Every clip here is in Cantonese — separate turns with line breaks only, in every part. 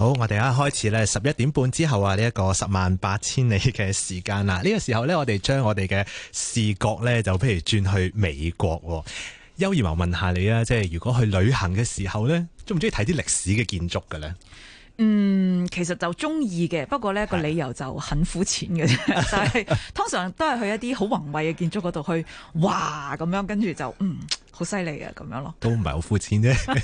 好，我哋而家開始咧，十一點半之後啊，呢、這、一個十萬八千里嘅時間啦。呢、這個時候呢，我哋將我哋嘅視覺呢，就譬如轉去美國。邱怡華問下你啊，即係如果去旅行嘅時候呢，中唔中意睇啲歷史嘅建築嘅呢？嗯，
其實就中意嘅，不過呢個理由就很膚淺嘅啫，但係 通常都係去一啲好宏偉嘅建築嗰度去哇咁樣，跟住就嗯。好犀利啊，咁樣咯，
都唔係好膚淺啫。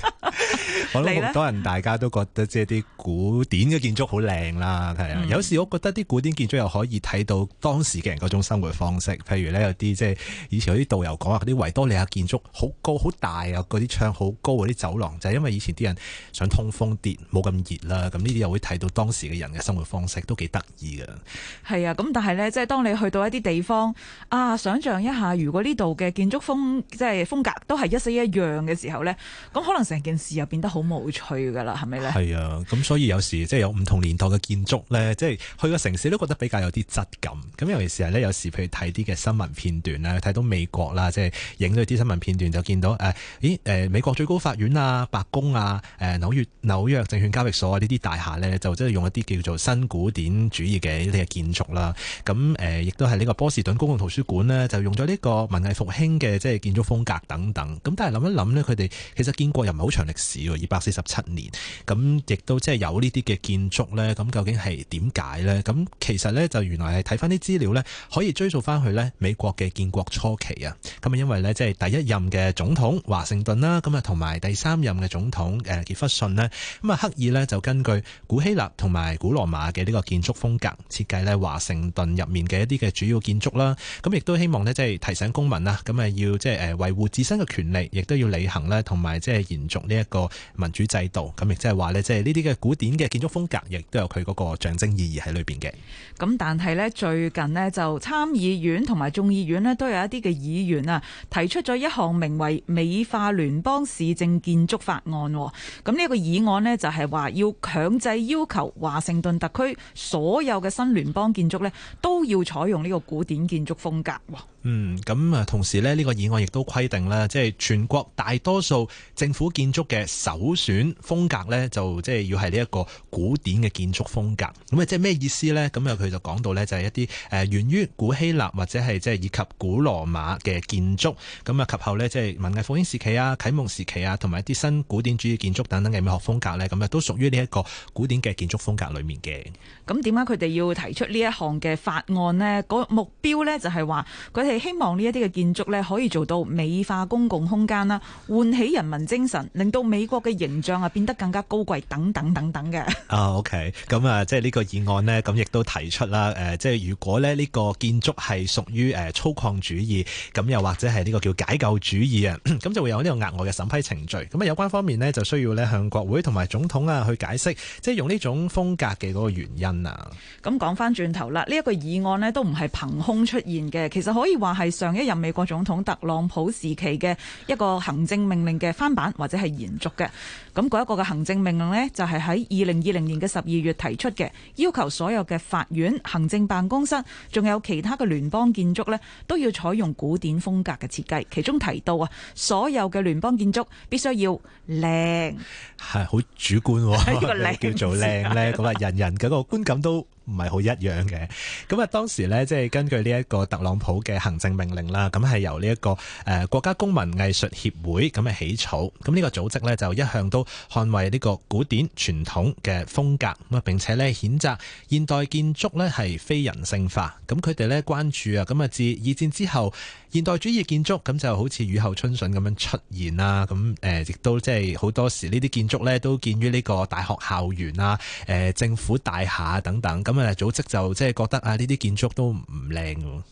可能好多人大
家都覺得即係啲古典嘅建築好靚啦，係啊、嗯。有時我覺得啲古典建築又可以睇到當時嘅人嗰種生活方式。譬如呢，有啲即係以前嗰啲導遊講話，嗰啲維多利亞建築好高好大啊，嗰啲窗好高嗰啲走廊，就係、是、因為以前啲人想通風啲，冇咁熱啦。咁呢啲又會睇到當時嘅人嘅生活方式，都幾得意㗎。
係啊，咁但係呢，即係當你去到一啲地方啊，想象一下，如果呢度嘅建築風即係風格。都係一式一樣嘅時候呢，咁可能成件事又變得好無趣噶啦，係咪呢？係
啊，咁所以有時即係、就是、有唔同年代嘅建築呢，即、就、係、是、去個城市都覺得比較有啲質感。咁尤其是係呢，有時譬如睇啲嘅新聞片段啦，睇到美國啦，即係影咗啲新聞片段就見到，咦，咦美國最高法院啊、白宮啊、誒紐約，紐約證券交易所啊呢啲大廈呢，就真係用一啲叫做新古典主義嘅呢啲嘅建築啦。咁、呃、亦都係呢個波士頓公共圖書館呢，就用咗呢個文藝復興嘅即係建築風格等。等咁，但係諗一諗呢，佢哋其實建國又唔係好長歷史，二百四十七年，咁亦都即係有呢啲嘅建築呢。咁究竟係點解呢？咁其實呢，就原來係睇翻啲資料呢，可以追溯翻去呢美國嘅建國初期啊。咁啊，因為呢，即係第一任嘅總統華盛頓啦，咁啊同埋第三任嘅總統誒傑弗遜呢。咁啊刻意呢，就根據古希臘同埋古羅馬嘅呢個建築風格設計呢華盛頓入面嘅一啲嘅主要建築啦。咁亦都希望呢，即係提醒公民啊，咁啊要即係維護自身嘅權利亦都要履行咧，同埋即係延續呢一個民主制度。咁亦即係話咧，即係呢啲嘅古典嘅建築風格，亦都有佢嗰個象徵意義喺裏邊嘅。
咁但係呢，最近呢，就參議院同埋眾議院呢，都有一啲嘅議員啊，提出咗一項名為美化聯邦市政建築法案。咁呢一個議案呢，就係話要強制要求華盛頓特區所有嘅新聯邦建築呢，都要採用呢個古典建築風格。
嗯，咁啊，同時咧，呢個議案亦都規定啦，即係全國大多數政府建築嘅首選風格咧，就即係要係呢一個古典嘅建築風格。咁啊，即係咩意思咧？咁啊，佢就講到咧，就係一啲誒源於古希臘或者係即係以及古羅馬嘅建築，咁啊，及後咧，即係文藝復興時期啊、啟蒙時期啊，同埋一啲新古典主義建築等等嘅美學風格咧，咁啊，都屬於呢一個古典嘅建築風格裏面嘅。
咁點解佢哋要提出呢一項嘅法案咧？個目標咧就係話佢希望呢一啲嘅建築咧，可以做到美化公共空間啦，喚起人民精神，令到美國嘅形象啊變得更加高貴，等等等等嘅。
啊、oh,，OK，咁啊，即係呢個議案咧，咁亦都提出啦。誒、呃，即係如果咧呢個建築係屬於誒粗獷主義，咁又或者係呢個叫解構主義啊，咁就會有呢個額外嘅審批程序。咁啊，有關方面咧就需要咧向國會同埋總統啊去解釋，即係
用呢種風格嘅嗰個原因啊。咁講返轉頭啦，呢、這、一個議案咧都唔係憑空出現嘅，其實可以話，話係上一任美國總統特朗普時期嘅一個行政命令嘅翻版或者係延續嘅，咁嗰一個嘅行政命令呢，就係喺二零二零年嘅十二月提出嘅，要求所有嘅法院、行政辦公室，仲有其他嘅聯邦建築呢，都要採用古典風格嘅設計。其中提到啊，所有嘅聯邦建築必須要靚，
係好主觀、哦，這個靚字，叫做靚呢，咁啊， 人人嘅個觀感都唔係好一樣嘅，咁啊當時咧，即係根據呢一個特朗普嘅行政命令啦，咁係由呢一個誒國家公民藝術協會咁嘅起草，咁、這、呢個組織咧就一向都捍衛呢個古典傳統嘅風格，咁啊並且咧譴責現代建築咧係非人性化，咁佢哋咧關注啊，咁啊自二戰之後現代主義建築咁就好似雨後春筍咁樣出現啦，咁誒亦都即係好多時呢啲建築咧都建於呢個大學校園啊、誒政府大廈等等咁。咁啊，組織就即係覺得啊，呢啲建築都唔
靚嘅。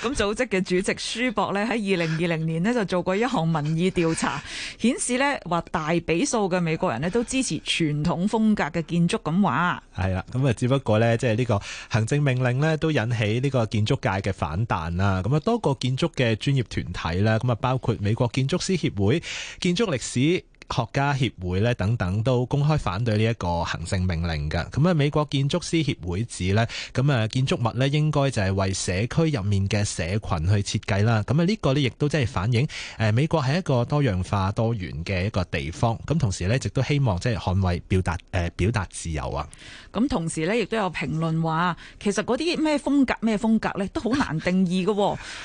咁組織嘅主席舒博咧，喺二零二零年咧就做過一項民意調查，顯示咧話大比數嘅美國人咧都支持傳統風格嘅建築咁話。
係啦，咁啊，只不過咧，即係呢個行政命令咧都引起呢個建築界嘅反彈啦。咁啊，多個建築嘅專業團體咧，咁啊，包括美國建築師協會、建築歷史學家協會咧等等都公開反對呢一個行政命令嘅。咁啊，美國建築師協會指呢，咁啊，建築物咧應該就係為社區入面嘅社群去設計啦。咁啊，呢個呢，亦都即係反映誒美國係一個多樣化多元嘅一個地方。咁同時呢，亦都希望即係捍衞表達誒表達
自由啊。咁同時呢，亦都有評論話，其實嗰啲咩風格咩風格呢都好難定義嘅。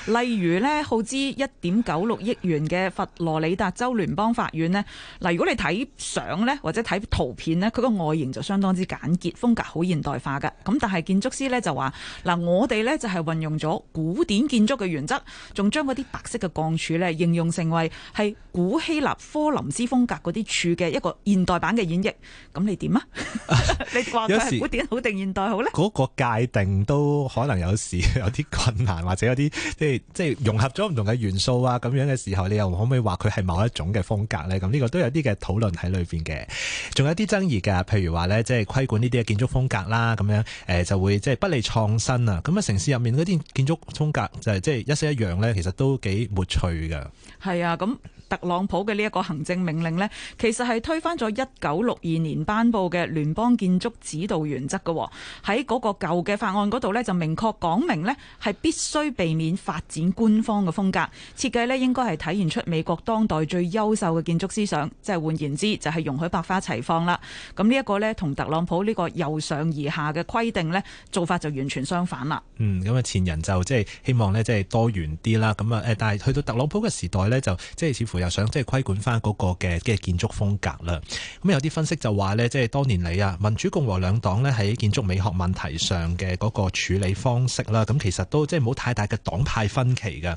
例如呢，耗資一點九六億元嘅佛羅里達州聯邦法院呢。嗱，如果你睇相咧，或者睇圖片咧，佢個外形就相當之簡潔，風格好現代化嘅。咁但係建築師咧就話嗱，我哋咧就係運用咗古典建築嘅原則，仲將嗰啲白色嘅鋼柱咧應用成為係古希臘科林斯風格嗰啲柱嘅一個現代版嘅演繹，咁你點啊？ 你話佢古典好定現代好咧？嗰、
啊、個界定都可能有時有啲困難，或者有啲即係即係融合咗唔同嘅元素啊咁樣嘅時候，你又可唔可以話佢係某一種嘅風格咧？咁呢個都～有啲嘅討論喺裏邊嘅，仲有啲爭議噶，譬如話咧，即係規管呢啲嘅建築風格啦，咁樣誒就會即係不利創新啊！咁啊，城市入面嗰啲建築風格就係即係一式一樣咧，其實都幾沒趣噶。
係啊，咁特朗普嘅呢一個行政命令呢，其實係推翻咗一九六二年頒布嘅聯邦建築指導原則噶喎，喺嗰個舊嘅法案嗰度呢，就明確講明呢，係必須避免發展官方嘅風格，設計呢，應該係體現出美國當代最優秀嘅建築思想。即係換言之，就係容許百花齊放啦。咁呢一個呢，同特朗普呢個由上而下嘅規定呢，做法就完全相反啦。
嗯，咁啊前人就即係希望呢，即係多元啲啦。咁啊，誒，但係去到特朗普嘅時代呢，就即係似乎又想即係規管翻嗰個嘅建築風格啦。咁有啲分析就話呢，即係多年嚟，啊，民主共和兩黨呢，喺建築美學問題上嘅嗰個處理方式啦，咁其實都即係冇太大嘅黨派分歧噶。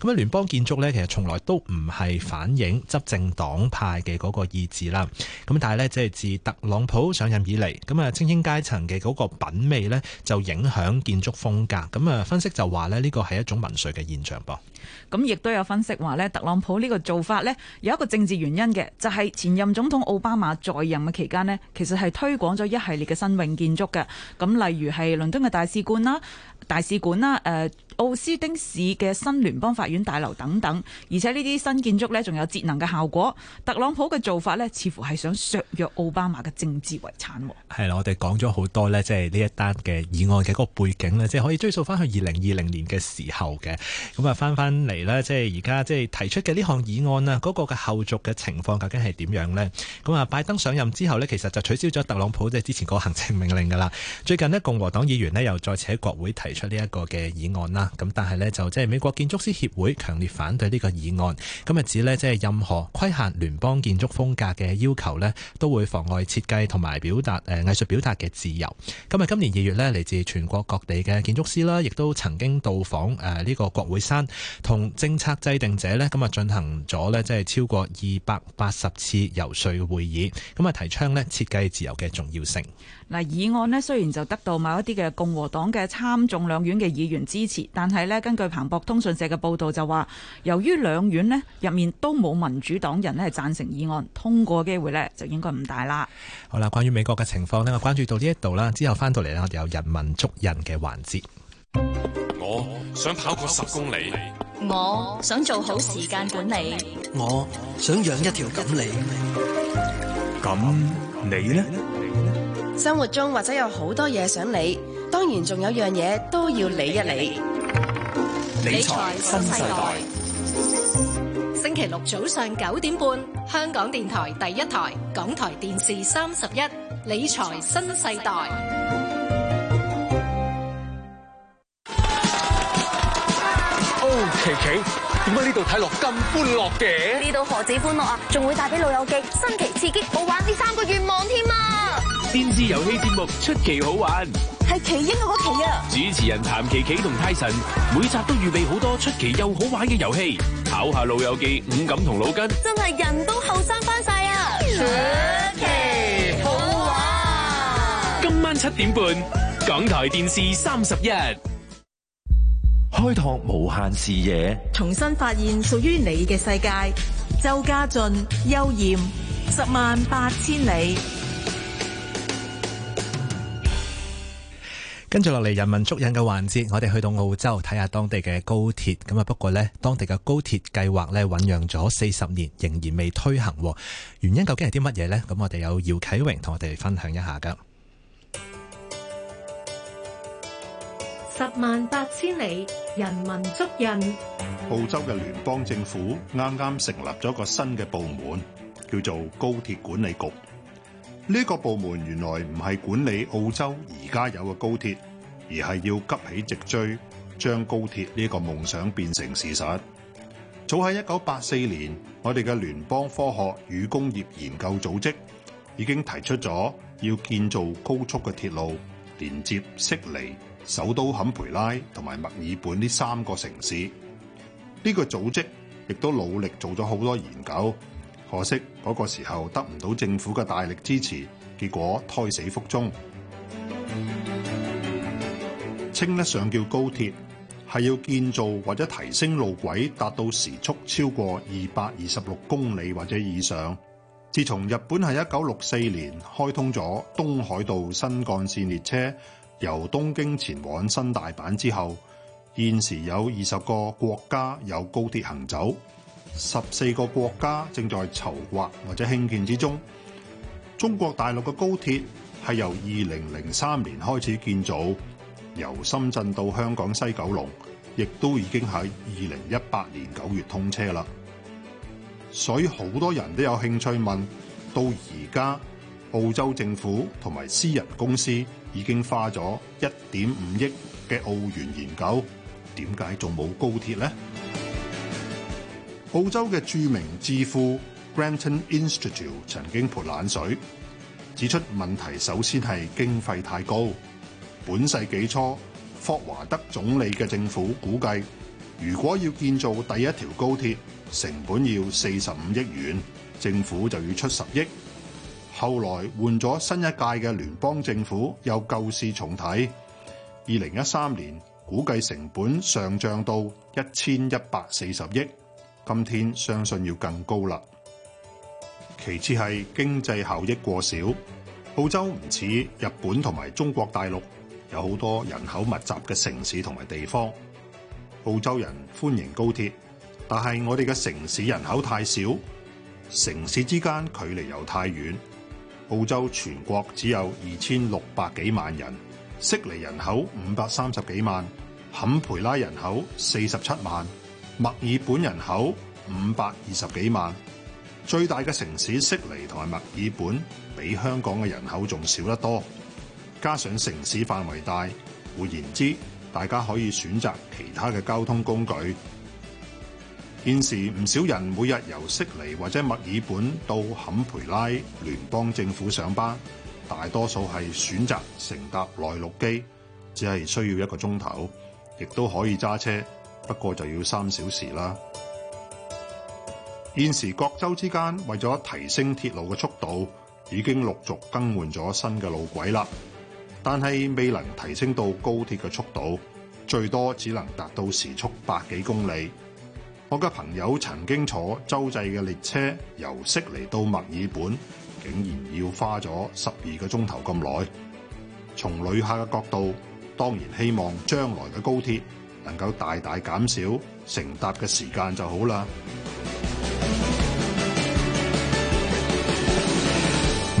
咁啊聯邦建築呢，其實從來都唔係反映執政黨派嘅嗰個意志啦，咁但係咧，即係自特朗普上任以嚟，咁啊精英階層嘅嗰個品味呢，就影響建築風格。咁啊分析就話呢，呢個係一種民粹嘅現象噃。
咁亦都有分析話呢，特朗普呢個做法呢，有一個政治原因嘅，就係、是、前任總統奧巴馬在任嘅期間呢，其實係推廣咗一系列嘅新穎建築嘅。咁例如係倫敦嘅大使館啦、大使館啦，誒、呃。奧斯丁市嘅新聯邦法院大樓等等，而且呢啲新建築呢，仲有節能嘅效果。特朗普嘅做法呢，似乎係想削弱奧巴馬嘅政治遺產。係
啦，我哋講咗好多呢，即係呢一單嘅議案嘅嗰個背景呢，即係可以追溯翻去二零二零年嘅時候嘅。咁啊，翻翻嚟呢，即係而家即係提出嘅呢項議案啊，嗰個嘅後續嘅情況究竟係點樣呢？咁啊，拜登上任之後呢，其實就取消咗特朗普即係之前個行政命令㗎啦。最近呢，共和黨議員呢又再次喺國會提出呢一個嘅議案啦。咁但係呢就即係美國建築師協會強烈反對呢個議案，咁啊指呢即係任何規限聯邦建築風格嘅要求呢都會妨礙設計同埋表達誒藝術表達嘅自由。咁啊今年二月呢嚟自全國各地嘅建築師啦，亦都曾經到訪誒呢個國會山，同政策制定者呢咁啊進行咗呢即係超過二百八十次遊説會議，咁啊提倡呢設計自由嘅重要性。
嗱，議案呢雖然就得到某一啲嘅共和黨嘅參眾兩院嘅議員支持，但但係咧，根據彭博通訊社嘅報道就話，由於兩院咧入面都冇民主黨人咧贊成，議案通過嘅機會就應該唔大啦。
好啦，關於美國嘅情況呢，我關注到呢一度啦，之後翻到嚟，咧我哋有人文足印嘅環節。
我想跑過十公里，
我想做好時間管理，
我想養一條錦鯉。
咁你呢？你呢？
生活中或者有好多嘢想理，當然仲有樣嘢都要理一理。理財新世代，星期六早上九點半，香港電台第一台，港台電視三十一，理財新世代。
哦，琪琪，點解呢度睇落咁歡樂嘅？呢度何止歡樂啊，仲會帶俾老友記新奇刺激好玩呢三個願望添啊！電視遊戲節目出奇好玩。
係奇英嘅嗰棋啊！
主持人譚琪琪同泰臣每集都預備好多出奇又好玩嘅遊戲，考下老友記五感同腦筋，
真係人都後生翻晒啊！好奇好
玩，今晚七點半，港台電視三十一：「開拓無限視野，
重新發現屬於你嘅世界」。周家俊、邱艷，十萬八千里。
跟住落嚟，人文足印嘅環節，我哋去到澳洲睇下當地嘅高鐵。咁啊，不過咧，當地嘅高鐵計劃咧醞釀咗四十年，仍然未推行。原因究竟係啲乜嘢咧？咁我哋有姚啟榮同我哋分享一下噶。
十萬八千里，人文足印。
澳洲嘅聯邦政府啱啱成立咗個新嘅部門，叫做高鐵管理局。呢個部門原來唔係管理澳洲而家有嘅高鐵，而係要急起直追，將高鐵呢個夢想變成事實。早喺一九八四年，我哋嘅聯邦科學與工業研究組織已經提出咗要建造高速嘅鐵路，連接悉尼、首都坎培拉同埋墨爾本呢三個城市。呢個組織亦都努力做咗好多研究。可惜嗰個時候得唔到政府嘅大力支持，結果胎死腹中。稱得上叫高鐵，係要建造或者提升路軌達到時速超過二百二十六公里或者以上。自從日本係一九六四年開通咗東海道新幹綫列車，由東京前往新大阪之後，現時有二十個國家有高鐵行走。十四個國家正在籌劃或者興建之中。中國大陸嘅高鐵係由二零零三年開始建造，由深圳到香港西九龍，亦都已經喺二零一八年九月通車啦。所以好多人都有興趣問：到而家澳洲政府同埋私人公司已經花咗一點五億嘅澳元研究，點解仲冇高鐵咧？澳洲嘅著名智庫 Grattan Institute 曾經潑冷水，指出問題首先係經費太高。本世紀初，霍華德總理嘅政府估計，如果要建造第一條高鐵，成本要四十五億元，政府就要出十億。後來換咗新一屆嘅聯邦政府，又舊事重提。二零一三年估計成本上漲到一千一百四十億。今天相信要更高啦。其次係經濟效益過少。澳洲唔似日本同埋中國大陸，有好多人口密集嘅城市同埋地方。澳洲人歡迎高鐵，但係我哋嘅城市人口太少，城市之間距離又太遠。澳洲全國只有二千六百幾萬人，悉尼人口五百三十幾萬，坎培拉人口四十七萬。墨爾本人口五百二十幾萬，最大嘅城市悉尼同埋墨爾本比香港嘅人口仲少得多，加上城市範圍大，換言之，大家可以選擇其他嘅交通工具。現時唔少人每日由悉尼或者墨爾本到坎培拉聯邦政府上班，大多數係選擇乘搭內陸機，只係需要一個鐘頭，亦都可以揸車。不過就要三小時啦。現時各州之間為咗提升鐵路嘅速度，已經陸續更換咗新嘅路軌啦。但係未能提升到高鐵嘅速度，最多只能達到時速百幾公里。我嘅朋友曾經坐州際嘅列車由悉尼到墨爾本，竟然要花咗十二個鐘頭咁耐。從旅客嘅角度，當然希望將來嘅高鐵。能夠大大減少乘搭嘅時間就好啦。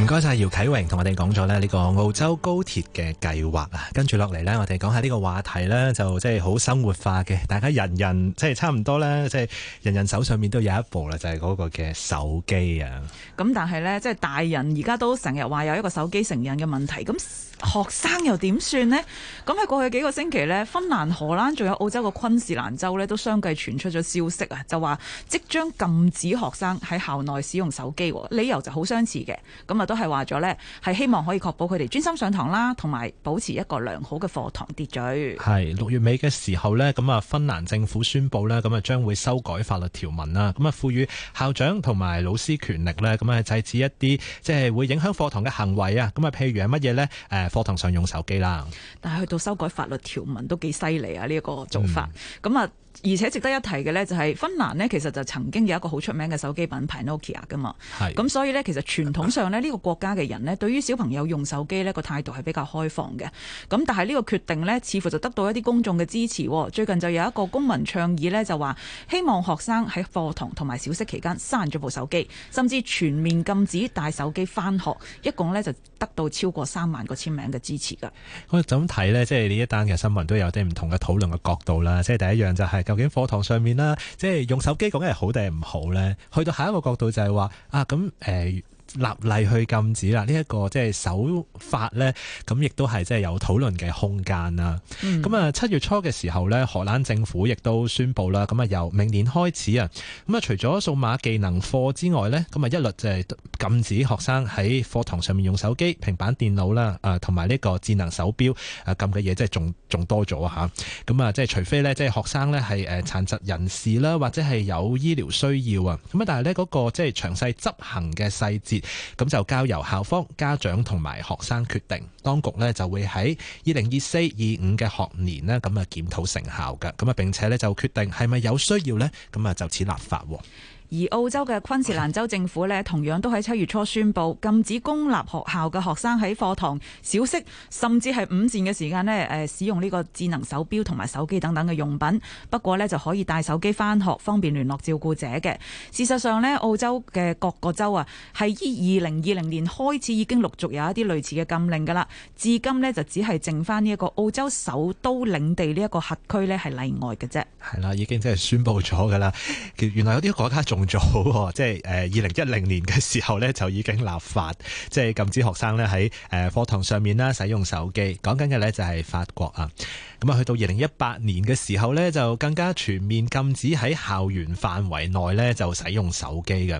唔該晒姚啟榮同我哋講咗呢呢個澳洲高鐵嘅計劃啊，跟住落嚟呢，我哋講下呢個話題呢，就即係好生活化嘅，大家人人即係、就是、差唔多啦，即係人人手上面都有一部啦，就係嗰個嘅手機啊。
咁但係呢，即係大人而家都成日話有一個手機成癮嘅問題咁。學生又點算呢？咁喺過去幾個星期呢，芬蘭、荷蘭仲有澳洲嘅昆士蘭州呢，都相繼傳出咗消息啊，就話即將禁止學生喺校內使用手機，理由就好相似嘅。咁啊，都係話咗呢，係希望可以確保佢哋專心上堂啦，同埋保持一個良好嘅課堂秩序。
係六月尾嘅時候呢，咁啊，芬蘭政府宣布呢，咁啊將會修改法律條文啦，咁啊賦予校長同埋老師權力呢，咁啊制止一啲即係會影響課堂嘅行為啊。咁啊，譬如係乜嘢呢？誒。課堂上用手機啦，
但係去到修改法律條文都幾犀利啊！呢、這、一個做法，咁、嗯、啊。而且值得一提嘅呢，就係芬蘭呢，其實就曾經有一個好出名嘅手機品牌 Nokia 噶嘛。咁所以呢，其實傳統上呢，呢個國家嘅人呢，對於小朋友用手機呢個態度係比較開放嘅。咁但係呢個決定呢，似乎就得到一啲公眾嘅支持。最近就有一個公民倡議呢，就話希望學生喺課堂同埋小息期間閂咗部手機，甚至全面禁止帶手機翻學，一共呢就得到超過三萬個簽名嘅支持㗎。我
就咁睇呢，即係呢一單嘅新聞都有啲唔同嘅討論嘅角度啦。即係第一樣就係、是。究竟課堂上面啦，即係用手機講嘅係好定係唔好咧？去到下一個角度就係話啊，咁誒。呃立例去禁止啦，呢、這、一個即係手法咧，咁亦都係即係有討論嘅空間啦。咁、嗯、啊，七月初嘅時候咧，荷蘭政府亦都宣布啦，咁啊由明年開始啊，咁啊除咗數碼技能課之外咧，咁啊一律就係禁止學生喺課堂上面用手機平板電腦啦，啊同埋呢個智能手錶啊咁嘅嘢，即係仲仲多咗吓，咁啊，即係除非咧，即係學生咧係誒殘疾人士啦，或者係有醫療需要啊，咁啊，但係咧嗰個即係詳細執行嘅細節。咁就交由校方、家長同埋學生決定，當局咧就會喺二零二四二五嘅學年呢咁啊檢討成效嘅，咁啊並且咧就決定係咪有需要呢，咁啊就此立法。
而澳洲嘅昆士蘭州政府咧，同樣都喺七月初宣布禁止公立學校嘅學生喺課堂、小息甚至係午膳嘅時間咧，誒使用呢個智能手錶同埋手機等等嘅用品。不過咧，就可以帶手機翻學，方便聯絡照顧者嘅。事實上咧，澳洲嘅各個州啊，係於二零二零年開始已經陸續有一啲類似嘅禁令噶啦。至今咧，就只係剩翻呢一個澳洲首都領地呢一個轄區咧係例外嘅啫。
係啦，已經即係宣布咗噶啦。原來有啲國家仲早即係二零一零年嘅時候呢，就已經立法，即係禁止學生呢喺誒課堂上面啦使用手機。講緊嘅呢，就係法國啊。咁啊，去到二零一八年嘅時候咧，就更加全面禁止喺校園範圍內咧就使用手機嘅。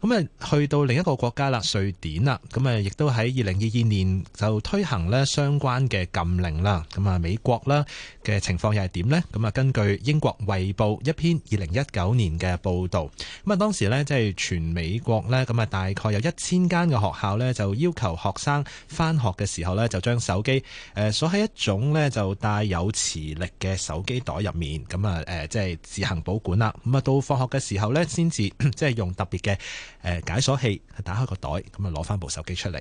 咁啊，去到另一個國家啦，瑞典啦，咁啊，亦都喺二零二二年就推行咧相關嘅禁令啦。咁啊，美國啦嘅情況又係點咧？咁啊，根據英國《衛報》一篇二零一九年嘅報道，咁啊，當時咧即係全美國咧，咁啊，大概有一千間嘅學校咧就要求學生翻學嘅時候咧就將手機誒鎖喺一種咧就帶有有磁力嘅手機袋入面，咁啊，誒，即係自行保管啦。咁啊，到放學嘅時候呢，先至即係用特別嘅誒解鎖器去打開個袋，咁啊，攞返部手機出嚟。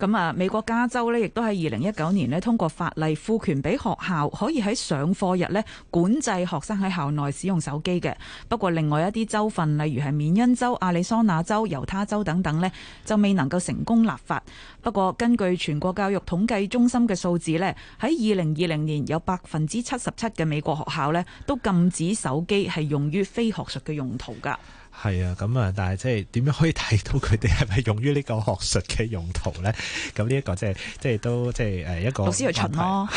咁啊，美國加州咧，亦都喺二零一九年通過法例，賦權俾學校可以喺上課日管制學生喺校內使用手機嘅。不過，另外一啲州份，例如係緬因州、亞利桑那州、猶他州等等呢就未能夠成功立法。不過，根據全國教育統計中心嘅數字呢，喺二零二零年有百分之七十七嘅美國學校呢，都禁止手機係用於非學術嘅用途㗎。
係啊，咁啊，但係即係點樣可以睇到佢哋係咪用於呢個學術嘅用途咧？咁呢一個、 啊、即係即係都即係誒一個老師去巡咯，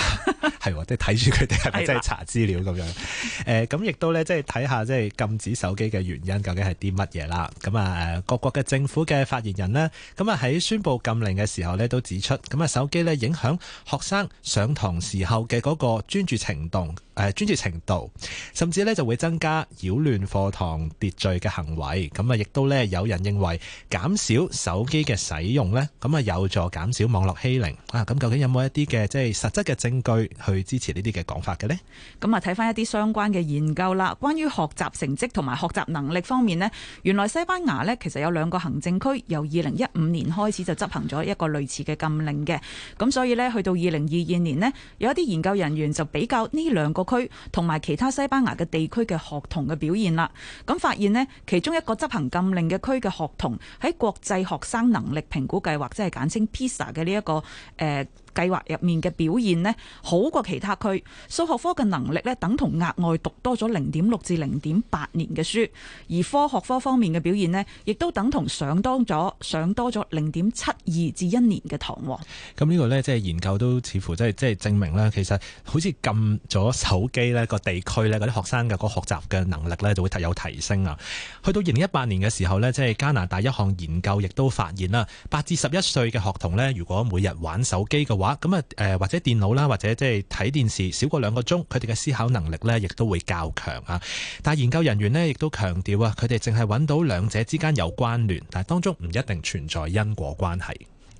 係即係睇住佢哋係咪真係查資料咁樣？誒、 嗯，咁亦都咧即係睇下即係禁止手機嘅原因究竟係啲乜嘢啦？咁啊各國嘅政府嘅發言人呢，咁啊喺宣布禁令嘅時候咧都指出，咁啊手機咧影響學生上堂時候嘅嗰個專注程度誒專注程度，甚至咧就會增加擾亂課堂秩序嘅行。行為咁啊，亦都呢有人認為減少手機嘅使用呢，咁啊有助減少網絡欺凌啊。咁究竟有冇一啲嘅即係實質嘅證據去支持呢啲嘅講法嘅呢？
咁啊，睇翻一啲相關嘅研究啦。關於學習成績同埋學習能力方面呢，原來西班牙呢，其實有兩個行政區由二零一五年開始就執行咗一個類似嘅禁令嘅。咁所以呢，去到二零二二年呢，有一啲研究人員就比較呢兩個區同埋其他西班牙嘅地區嘅學童嘅表現啦。咁發現呢。其中一個執行禁令嘅區嘅學童喺國際學生能力評估計劃，即係簡稱 PISA 嘅呢一個誒，呃計劃入面嘅表現咧，好過其他區。數學科嘅能力咧，等同額外讀多咗零點六至零點八年嘅書；而科學科方面嘅表現咧，亦都等同上多咗上多咗零點七二至一年嘅堂。咁呢個咧，
即係研究都似乎即係即係證明咧，其實好似禁咗手機咧個地區咧，嗰啲學生嘅嗰學習嘅能力咧就會有提升啊。去到二零一八年嘅時候咧，即係加拿大一項研究亦都發現啦，八至十一歲嘅學童咧，如果每日玩手機嘅咁啊，誒或者電腦啦，或者即係睇電視少過兩個鐘，佢哋嘅思考能力咧，亦都會較強啊。但係研究人員呢，亦都強調啊，佢哋淨係揾到兩者之間有關聯，但係當中唔一定存在因果關係。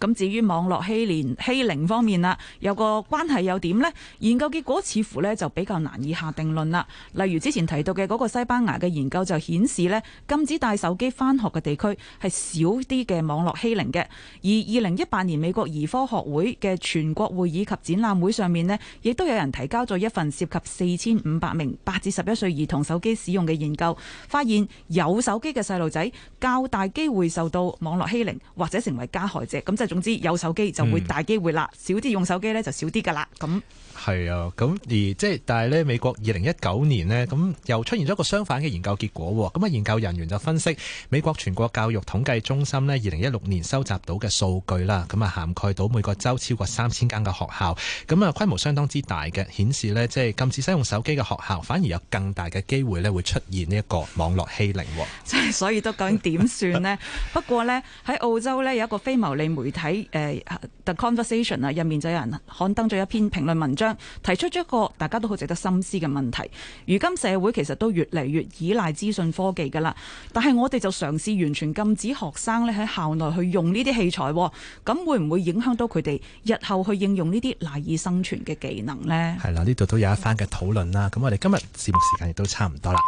咁至於網絡欺凌欺凌方面啦，有個關係又點呢？研究結果似乎呢就比較難以下定論啦。例如之前提到嘅嗰個西班牙嘅研究就顯示呢，禁止帶手機返學嘅地區係少啲嘅網絡欺凌嘅。而二零一八年美國兒科學會嘅全國會議及展覽會上面呢，亦都有人提交咗一份涉及四千五百名八至十一歲兒童手機使用嘅研究，發現有手機嘅細路仔較大機會受到網絡欺凌或者成為加害者。咁就。總之有手機就會大機會啦，嗯，少啲用手機呢就少啲㗎喇，咁。
係啊，咁而即係，但係咧，美國二零一九年咧，咁又出現咗一個相反嘅研究結果。咁啊，研究人員就分析美國全國教育統計中心咧，二零一六年收集到嘅數據啦，咁啊涵蓋到每個州超過三千間嘅學校，咁啊規模相當之大嘅，顯示咧即係禁止使用手機嘅學校，反而有更大嘅機會咧會出現呢一個網絡欺凌。即
係所以都究竟點算咧？ 不過咧喺澳洲咧有一個非牟利媒體誒 The Conversation 啊，入面就有人刊登咗一篇評論文章。提出咗一個大家都好值得深思嘅問題。如今社會其實都越嚟越依賴資訊科技噶啦，但係我哋就嘗試完全禁止學生咧喺校內去用呢啲器材，咁會唔會影響到佢哋日後去應用呢啲賴以生存嘅技能呢？
係啦，呢度都有一番嘅討論啦。咁我哋今日節目時間亦都差唔多啦。